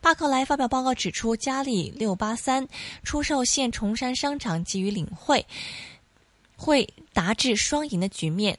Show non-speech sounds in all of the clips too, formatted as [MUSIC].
巴克萊發表報告指出，嘉里六八三出售現崇山商場，給予領匯會達至雙贏的局面。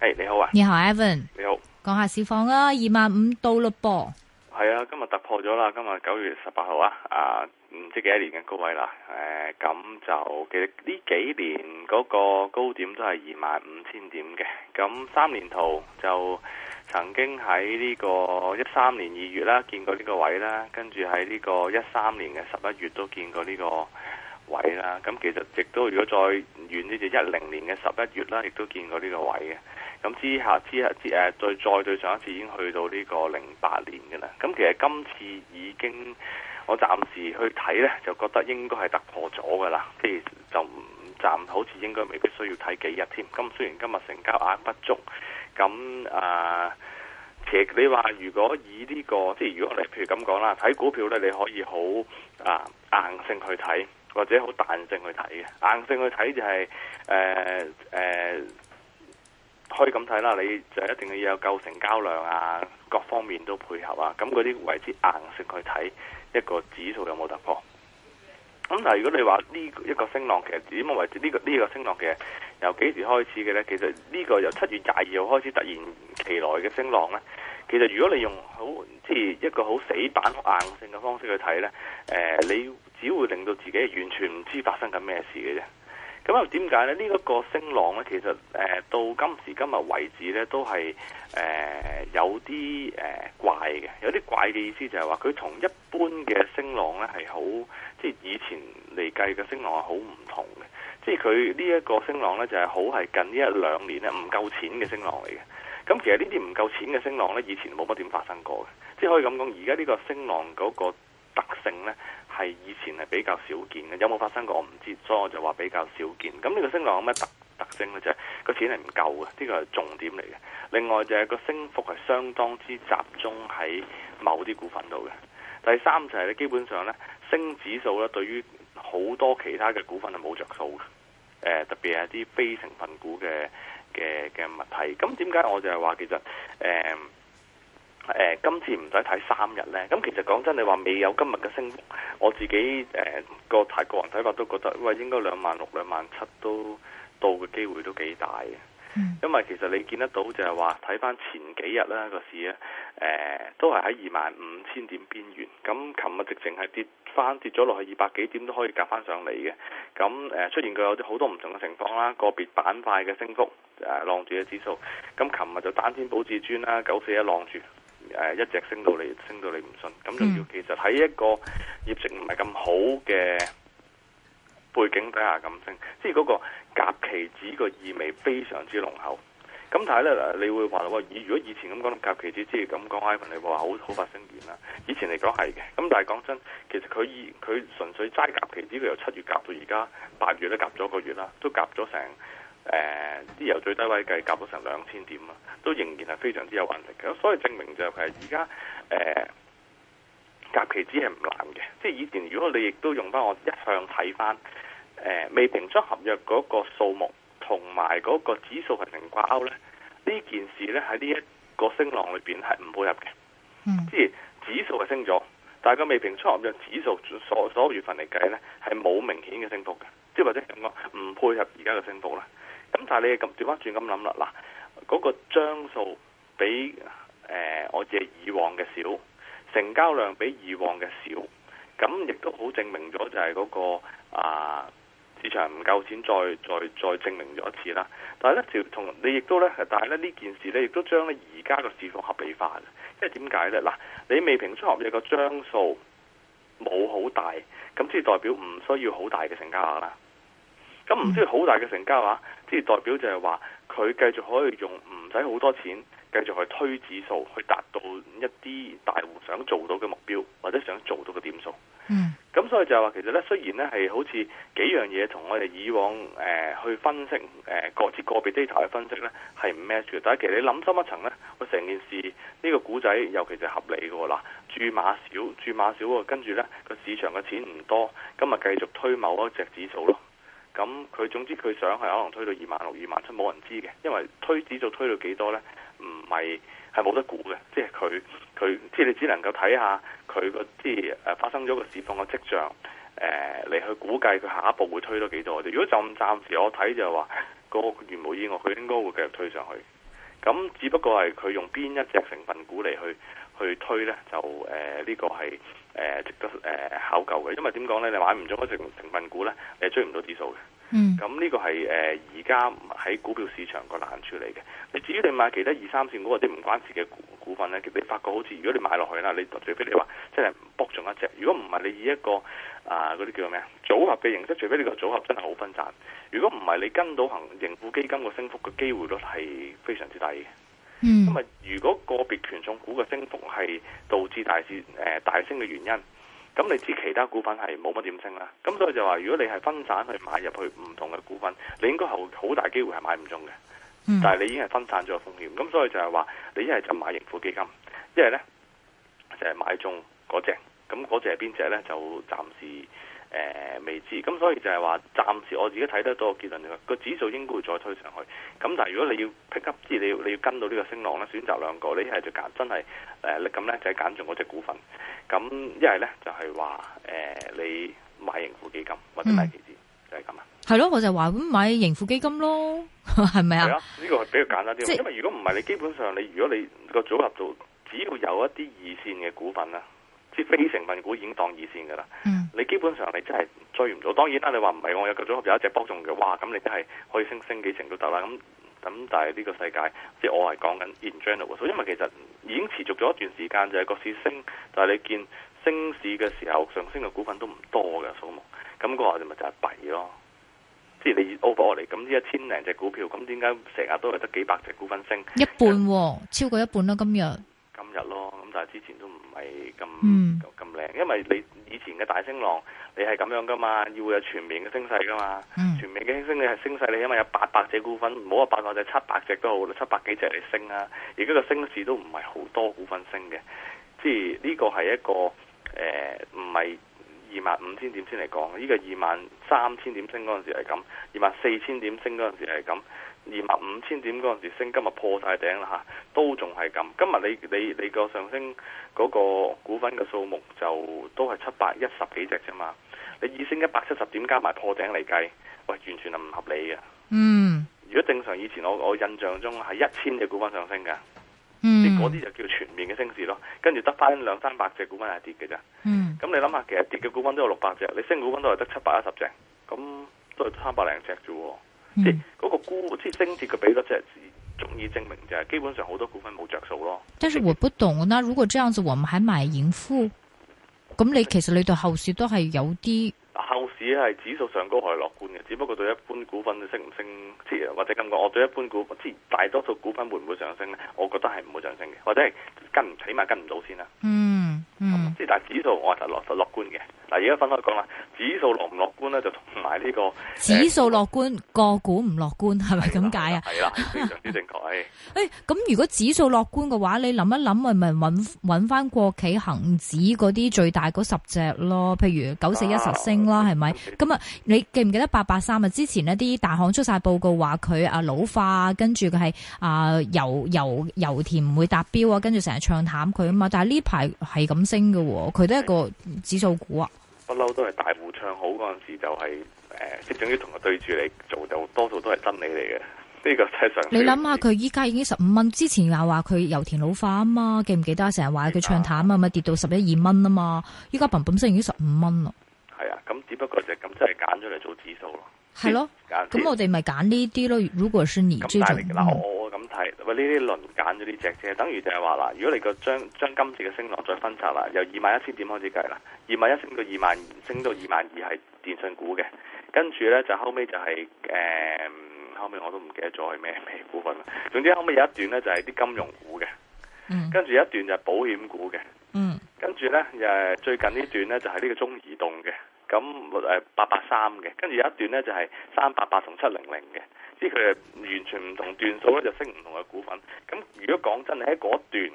誒、hey，你好啊！你好，Evan。你好，講下市況啊，二萬五到咯噃。係啊，今日突破咗啦！今日九月十八號啊，啊唔知幾多年嘅高位啦。誒、啊，咁就其實呢幾年嗰個高點都係二萬五千點嘅。咁三年圖就曾經喺呢個一三年二月啦、啊，見過呢個位啦。跟住喺呢個一三年嘅十一月都見過呢個位啦。咁其實亦都如果再遠啲、啊，就一零年嘅十一月啦，亦都見過呢個位嘅。咁之下之下之誒，再再對上一次已經去到呢個零八年嘅啦。咁其實今次已經，我暫時去睇呢，就覺得應該係突破咗嘅啦。即係就暫好似應該未必需要睇幾日添。咁雖然今日成交額不足，咁啊，其實你話如果以呢個即係，如果你譬如咁講啦，睇股票呢，你可以好啊硬性去睇，或者好彈性去睇嘅。硬性去睇就係、誒、誒、呃呃可以咁睇啦，你就一定要有夠成交量啊，各方面都配合啊，咁嗰啲為之硬性去睇一個指數有冇突破。咁但係如果你話呢一個升浪，其實點樣為止？呢、呢個呢、呢個升浪其實由幾時開始嘅呢？其實呢個由七月廿二號開始突然其來嘅升浪呢。其實如果你用好即係一個好死板硬性嘅方式去睇呢、呃，你只會令到自己完全唔知發生緊咩事嘅啫。咁又點解呢？呢、這、一個升浪呢，其實到今時今日為止呢，都係有啲怪嘅，有啲怪嘅意思就係話，佢同一般嘅升浪呢係好即係以前嚟計嘅升浪係好唔同嘅，即係佢呢一個升浪呢，就係好係近呢一兩年唔夠錢嘅升浪嚟嘅。咁其實呢啲唔夠錢嘅升浪呢，以前冇乜點發生過嘅，即係可以咁講。而家呢個升浪嗰、那個。特性呢係以前係比較少見嘅，有冇發生過我唔知，所以我就話比較少見。咁呢個升浪有咩特特徵呢？就係個錢係唔夠嘅，呢個係重點嚟嘅。另外就係、是、個升幅係相當之集中喺某啲股份度嘅。第三就係、是、咧，基本上呢，升指數咧對於好多其他嘅股份係冇着數嘅、呃。特別係啲非成分股嘅嘅嘅問題。咁點解我就係話其實誒、呃呃、今次唔使睇三日呢。咁其實講真，你話未有今日嘅升幅，我自己誒、呃、個泰國人睇法都覺得，喂應該兩萬六、兩萬七都到嘅機會都幾大嘅。因為其實你見得到就係話睇翻前幾日啦，個市咧、呃，都係喺二萬五千點邊緣。咁琴日直情係跌翻跌咗落去二百幾點都可以夾翻上嚟嘅。咁誒、呃、出現佢有好多唔同嘅情況啦，個別板塊嘅升幅誒、呃、浪住嘅指數。咁琴日就單天保至尊啦，九四一浪住。誒，一直升到你升到你唔信，咁仲要其實喺一個業績唔係咁好嘅背景底下咁升，即係嗰個夾期指個意味非常之濃厚。咁但係咧，嗱，你會話，如果以前咁講夾期指，即係咁講，Ivan 你話好好快升言啦。以前嚟講係嘅，咁但係講真，其實佢佢純粹齋夾期指，佢由七月夾到而家八月都夾咗個月啦，都夾咗成。誒、呃、啲由最低位計，夾到成兩千點啦，都仍然係非常之有韌力嘅，所以證明就係而家誒夾期指係唔難嘅。即係以前如果你亦都用翻我一向睇翻誒未平倉合約嗰個數目，同埋嗰個指數係零掛鈎咧，呢件事咧喺呢一個升浪裏邊係唔配合嘅。即、嗯、係指數係升咗，但係個未平倉合約指數所所月份嚟計咧係冇明顯嘅升幅嘅，即係或者係講唔配合而家嘅升幅啦。咁但係你咁掉翻轉咁諗啦，嗱、那個，嗰個張數比誒我哋以往嘅少，成交量比以往嘅少，咁亦都好證明咗就係嗰、那個啊市場唔夠錢再，再再再證明咗一次啦。但係咧，就同你亦都咧，但係咧呢，呢件事咧，亦都將咧而家個市況合理化嘅，因為點解咧？嗱，你未平出合約個張數冇好大，咁即係代表唔需要好大嘅成交額啦。咁唔需要好大嘅成交啊，即係代表就係話佢繼續可以用唔使好多錢，繼續去推指數，去達到一啲大戶想做到嘅目標，或者想做到嘅點數。咁、mm. 所以就係話其實呢，雖然呢係好似幾樣嘢同我哋以往誒、呃、去分析誒各自個別 data 去分析呢，係唔 match 嘅，但係其實你諗深一層呢，我成件事呢、呢個估仔尤其就合理㗎喎，嗱，注碼少，注碼少喎，跟住呢個市場嘅錢唔多，咁咪繼續推某一隻指數咯。咁佢總之佢想係可能推到二萬六、二萬七，冇人知嘅，因為推指數推到幾多呢？唔係係冇得估嘅，即係佢佢即係你只能夠睇下佢個即係誒發生咗個事況嘅跡象誒嚟、呃、去估計佢下一步會推到幾多。如果暫暫時我睇就話、個原無意外，我佢應該會繼續推上去。咁只不過係佢用邊一隻成分股嚟去去推呢？就呢、呃呢個係。誒，值得誒考究嘅，因為點講咧？你買唔中嗰隻成份股咧，你追唔到指數嘅。嗯。咁呢個係誒而家喺股票市場個難處嚟嘅。你至於你買其他二三線股嗰啲唔關事嘅股股份咧，你發覺好似如果你買落去啦，你除非你話即係博中一隻，如果唔係你以一個啊嗰啲叫做咩啊組合嘅形式，除非你個組合真係好分散，如果唔係你跟到行盈富基金個升幅嘅機會率係非常之低嘅。咁、嗯、啊！如果個別權重股嘅升幅係導致大市誒大升嘅原因，咁你知其他股份係冇乜點升啦。咁所以就話，如果你係分散去買入去唔同嘅股份，你應該係好大機會係買唔中嘅。但係你已經係分散咗個風險，咁所以就係話，你一係就買盈富基金，一係咧就係、是、買中嗰隻。咁嗰隻係邊隻咧？就暫時。誒、呃，未知，咁、嗯、所以就係話暫時我自己睇得到個結論，個指數應該會再推上去。咁但係如果你要 pick up，即係你要你要跟到呢個升浪咧，選擇兩個，你一係就揀真係誒咁咧就係揀中嗰隻股份，咁一係咧就係話誒你買盈富基金或者買期指，就係咁啊。係、嗯、咯，我就話買盈富基金咯，係 [LAUGHS] 咪啊？係啊，呢、這個比較簡單啲、嗯。因為如果唔係你，基本上你如果你個組合度只要有一啲二線嘅股份，即非成分股已經當二線噶啦。嗯你基本上你真係追唔到，當然啦。你話唔係，我有個組合有一隻波中嘅話，咁你真係可以升升幾成都得啦。咁咁，但係呢個世界，即係我係講緊 in general 喎。所以因為其實已經持續咗一段時間，就係個市升，但係你見升市嘅時候上升嘅股份都唔多嘅數目。咁個話就咪就係弊咯。即係你 over 嚟，咁呢一千零隻股票，咁點解成日都係得幾百隻股份升？一半哦，超過一半啦，今日。今日咯，咁但係之前都唔係咁咁靚，因為你以前嘅大升浪，你係咁樣噶嘛，要有全面嘅升勢噶嘛，嗯，全面嘅升勢你係升勢你因為有八百隻股份，唔好話八百隻，七百隻都好啦，七百幾隻嚟升啊！而家個升市都唔係好多股份升嘅，即係呢個係一個誒，唔、呃、係。二萬五千點先嚟講，呢個二萬三千點升嗰陣時係咁，二萬四千點升嗰陣時係咁，二萬五千點嗰陣時升，今日破晒頂啦嚇，都仲係咁。今日你你你個上升嗰個股份嘅數目就都係七百一十幾隻啫嘛，你以升一百七十點加埋破頂嚟計，喂，完全係唔合理嘅。嗯，如果正常以前我我印象中係一千隻股份上升㗎，嗯，嗰啲就叫全面嘅升市咯，跟住得翻兩三百隻股份係跌嘅咋。嗯。咁你諗下，其實跌嘅股份都有六百隻，你升股份都係得七百一十隻，咁都係三百零隻啫。即係嗰個估，即係升跌嘅比率，即係足以證明就係基本上好多股份冇着數咯。但是我不懂，那如果這樣子，我們還買盈富？咁、嗯、你其實你對後市都係有啲後市係指數上高係樂觀嘅，只不過對一般股份你升唔升，即係或者咁講，我對一般股，即係大多數股份會唔會上升咧？我覺得係唔會上升嘅，或者係跟唔，起碼跟唔到先啦。嗯。但係指數我就落實樂觀嘅。嗱而家分開講啦，指數樂唔樂觀咧就同埋呢個指數樂觀、欸，個股唔樂觀係咪咁解啊？係啦，非常之正確。誒、 [LAUGHS] 欸，咁如果指數樂觀嘅話，你諗一諗咪咪揾揾翻國企恒指嗰啲最大嗰十隻咯？譬如九四一十升啦，係咪？咁啊，是不是你記唔記得八八三啊？之前咧啲大行出晒報告話佢啊老化，跟住佢係啊油油油田唔會達標啊，跟住成日唱淡佢啊嘛。但係呢排係咁升嘅。佢都係一個指數股啊，不嬲都係大戶唱好嗰陣時就係誒，即係終於同佢對住嚟做就多數都係真理嚟嘅。呢個睇上你諗下佢依家，已經十五蚊，之前又話佢油田老化啊嘛，記唔記得成日話佢唱淡啊嘛，咪跌到十一二蚊啊嘛，依家砰砰聲已經十五蚊啦。係啊，咁只不過就咁真係揀咗嚟做指數咯。係咯，啊，咁我哋咪揀呢啲咯，如果算二 G 就。咁睇，喂，呢啲輪揀咗呢隻啫，等於就係話，嗱，如果你個將將今次嘅升浪再分拆啦，由二萬一千點開始計啦，二萬一升到二萬，升到二萬二係電信股嘅，跟住咧就後尾就係、是、誒、呃，後尾我都唔記得咗係咩咩股份啦。總之後尾有一段咧就係啲金融股嘅，嗯，跟住有一段就係、mm. 保險股嘅，嗯、mm.，跟住咧又係最近呢段咧就係呢個中移動嘅，咁誒八八三嘅，跟住有一段咧就係三八八同七零零嘅。知佢係完全唔同段數咧，就升唔同嘅股份。咁如果講真，你喺嗰段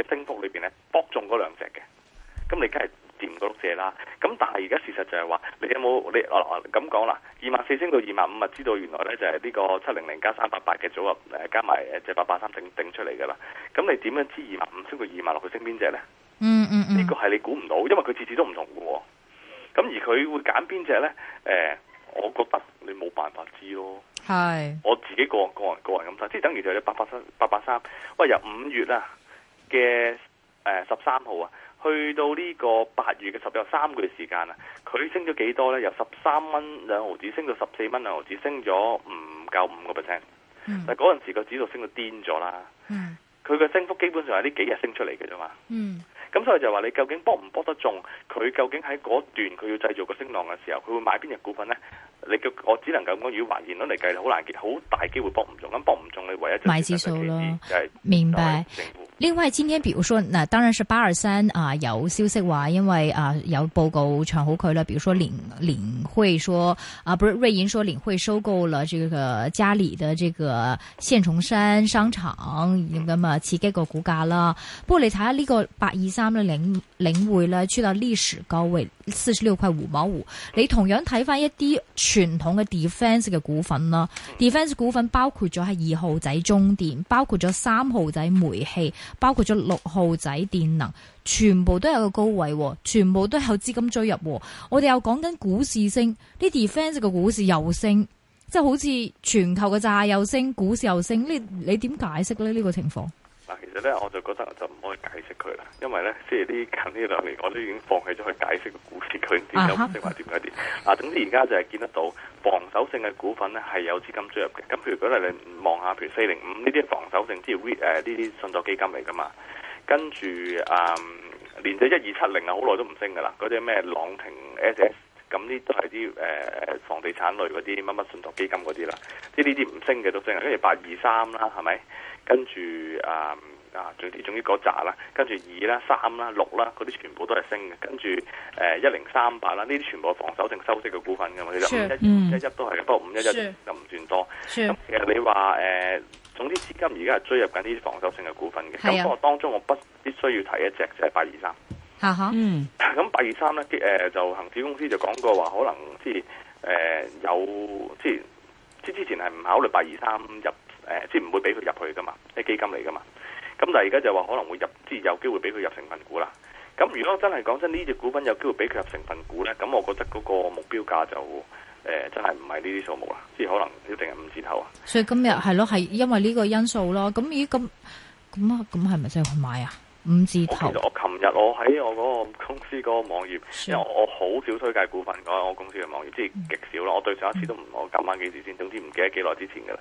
嘅升幅裏邊咧，搏中嗰兩隻嘅，咁你梗係掂到碌蔗啦。咁但係而家事實就係話，你有冇你哦哦咁講啦？二萬四升到二萬五啊，知道原來咧就係、是、呢個七零零加三百八嘅組合加埋誒八八三頂頂出嚟噶啦。咁你點樣知二萬五升到二萬六去升邊隻咧？嗯嗯呢、嗯呢個係你估唔到，因為佢次次都唔同嘅。咁而佢會揀邊隻咧？誒、呃。我覺得你冇辦法知咯，係我自己個個人個人咁睇，即係等於就係你八八三八八三，喂由五月啦嘅誒十三號啊，去到呢個八月嘅十有三個月時間啦、啊，佢升咗幾多咧？由十三蚊兩毫紙升到十四蚊兩毫紙，升咗唔夠五個 percent，但係嗰陣時個指數升到癲咗啦，嗯，佢嘅升,升幅基本上係呢幾日升出嚟嘅啫嘛，嗯。咁所以就話你究竟博唔博得中？佢究竟喺嗰段佢要製造個升浪嘅時候，佢會買邊隻股份咧？你叫我只能夠咁講，如果以或然率嚟計咧，好難，好大機會博唔中。咁博唔中，你唯一質實就係、是、買指數咯、是。明白。就是政府另外，今天，比如說，嗱、啊，當然是八二三啊，有消息話、啊，因為啊，有報告唱好佢啦。比如說領領匯說，啊，不是瑞銀說領匯收購了這個嘉里的這個現崇山商場，咁、嗯、啊，刺激個股價啦。不過你睇下呢個八二三咧，領領匯咧去到歷史高位四十六塊五毛五。你同樣睇翻一啲傳統嘅 defense 嘅股份啦 defense 股份包括咗係二號仔中電，包括咗三號仔煤氣。包括咗六號仔電能，全部都有個高位，全部都有資金追入。我哋又講緊股市升，啲 defence 嘅股市又升，即係好似全球嘅債又升，股市又升。你你呢你點解釋咧？呢、這個情況？嗱，其實咧我就覺得就唔可以解釋佢啦，因為咧即係呢近呢兩年我都已經放棄咗去解釋個股市。佢點解升或點解跌。嗱、啊，總之而家就係見得到防守性嘅股份咧係有資金追入嘅。咁譬如果咧，你望下譬如四零五呢啲防守性之類誒呢啲信託基金嚟噶嘛，跟住嗯連住一二七零啊，好耐都唔升噶啦，嗰啲咩朗廷 S S。咁呢都係啲、呃、房地產類嗰啲乜乜信託基金嗰啲啦，即係呢啲唔升嘅都升，跟住八二三啦，係、嗯、咪？跟住啊啊總,總之嗰扎啦，跟住二啦、三啦、六啦，嗰啲全部都係升嘅。跟住誒一零三八啦，呢啲全部係防守性收息嘅股份㗎嘛，其實五一一都係，不過五一一就唔算多。咁其實你話誒、呃，總之資金而家係追入緊呢啲防守性嘅股份嘅，咁不、啊、當中我不必須要提一隻就係八二三。啊哈，嗯， [NOISE] 咁八二三咧，啲就恆指公司就講過話，可能即係誒有即係即之前係唔考慮八二三入即係唔會俾佢入去噶嘛，基金嚟噶嘛。咁但係而家就話可能會入，即係有機會俾佢入成分股啦。咁如果真係講真，呢隻股份有機會俾佢入成分股咧，咁我覺得嗰個目標價就誒、呃、真係唔係呢啲數目啦，即係可能一定係五字頭啊。所以今日係咯，係因為呢個因素咯。咁而咁咁啊，咁係咪真係好買啊？五字頭，我琴日我喺我嗰個公司嗰個網頁，因為我好少推介股份噶我公司嘅網頁，即係極少咯。我對上一次都唔我撳返幾時先，總之唔記得幾耐之前噶啦。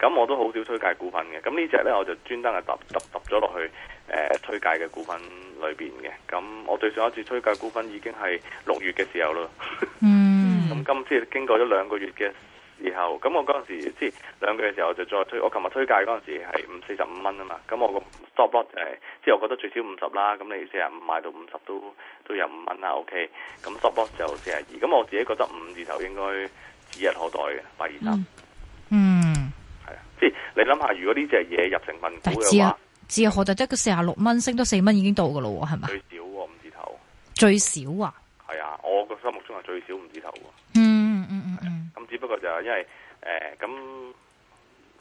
咁我都好少推介股份嘅。咁呢隻呢，我就專登係揼揼揼咗落去、呃、推介嘅股份裏邊嘅。咁我對上一次推介股份已經係六月嘅時候咯。嗯。咁 [LAUGHS] 今次經過咗兩個月嘅。然後咁我嗰陣時即係兩嘅時候就再推我琴日推介嗰陣時係五四十五蚊啊嘛，咁我個 stop loss 即係我覺得最少五十啦，咁你四廿五買到五十都都有五蚊啦，OK，咁 stop loss 就四廿二，咁我自己覺得五字頭應該指日可待嘅，八二三，嗯，係、嗯、啊，即係你諗下，如果呢隻嘢入成分股嘅話，指日可待得個四廿六蚊升到四蚊已經到噶咯，係咪？最少五字頭，最少啊？係啊，我個心目中係最少五字頭喎。嗯。咁只不過就係因為誒咁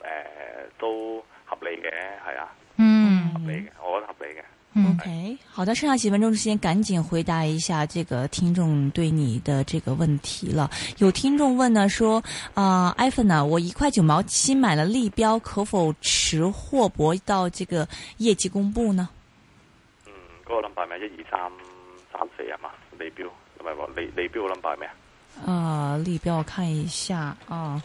誒都合理嘅係啊、嗯，合理嘅，我覺得合理嘅、嗯。OK，好的，剩下幾分鐘時間，趕緊回答一下這個聽眾對你的這個問題啦。有聽眾問呢，說、呃、iPhone 啊，iPhone 呢，我一塊九毛七買了利標，可否持貨博到這個業績公布呢？嗯，嗰個 number 咩？一二三三四係嘛？利標唔係喎，利利標個 number 係咩啊？啊、uh,，利標，我看一下啊，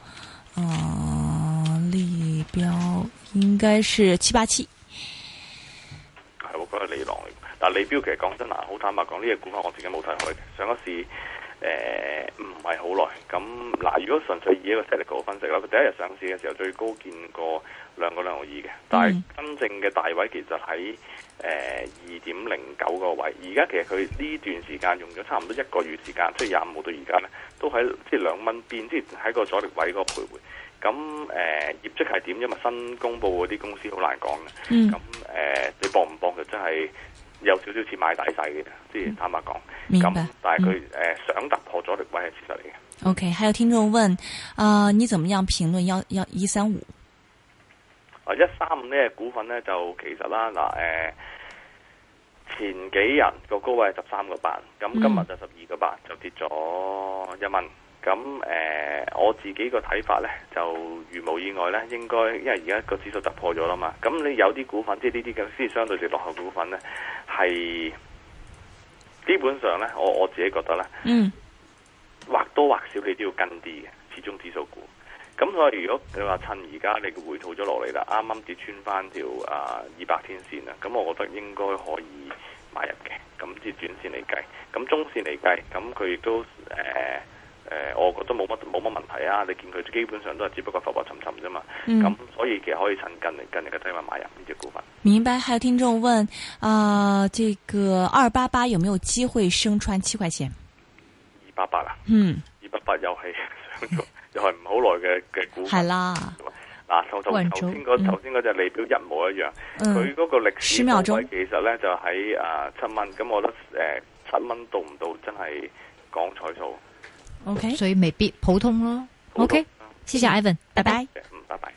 啊、uh, uh,，利標應該是七八七，係我覺得李朗浪。嗱，利標其實講真啊，好坦白講，呢、這個股我我自己冇睇開，上一次。誒唔係好耐咁，嗱，如果純粹以一個 technical 分析啦，佢第一日上市嘅時候最高見過兩個兩毫二嘅，但係真正嘅大位其實喺誒二點零九個位。而家其實佢呢段時間用咗差唔多一個月時間，即係廿五號到而家咧，都喺即係兩蚊邊，即係喺個阻力位嗰個徘徊。咁誒、呃、業績係點，因為新公布嗰啲公司好難講嘅。咁、嗯、誒、呃、你搏唔搏佢真係？就係有少少似買大細嘅，即係坦白講，咁但係佢誒想突破咗，力位係事實嚟嘅。OK，還有聽眾問，啊、呃，你怎麼樣評論幺幺一三五？啊、呃，一三五呢股份咧就其實啦，嗱、呃、誒前幾日個高位係十三個八，咁今日就十二個八就跌咗一蚊。咁誒、呃、我自己個睇法咧就如無意外咧，應該因為而家個指數突破咗啦嘛，咁你有啲股份即係呢啲嘅先相對就落後股份咧。係基本上咧，我我自己覺得咧、嗯，或多或少你都要跟啲嘅，始終指數股。咁所以如果你話趁而家你回吐咗落嚟啦，啱啱跌穿翻條啊二百天線啦，咁我覺得應該可以買入嘅。咁即係短線嚟計，咁中線嚟計，咁佢亦都誒。呃誒、呃，我覺得冇乜冇乜問題啊！你見佢基本上都係只不過浮浮沉沉啫嘛，咁、嗯、所以其實可以趁近嚟近嚟嘅低位買入呢隻股份。明白，還有聽眾問，啊、呃，這個二八八有冇機會升穿七塊錢？二八八啊？嗯。二八八又係 [LAUGHS] 又係唔好耐嘅嘅股份。係 [LAUGHS] 啦、 [LAUGHS] [LAUGHS] 啊。嗱，同同頭先嗰頭先隻利表一模一樣。佢、嗯、嗰個歷史位其實咧就喺誒、呃、七蚊，咁我覺得誒、呃、七蚊到唔到真係講彩數。OK，所以未必普通咯。OK，謝謝 Ivan，拜拜。嗯，拜拜。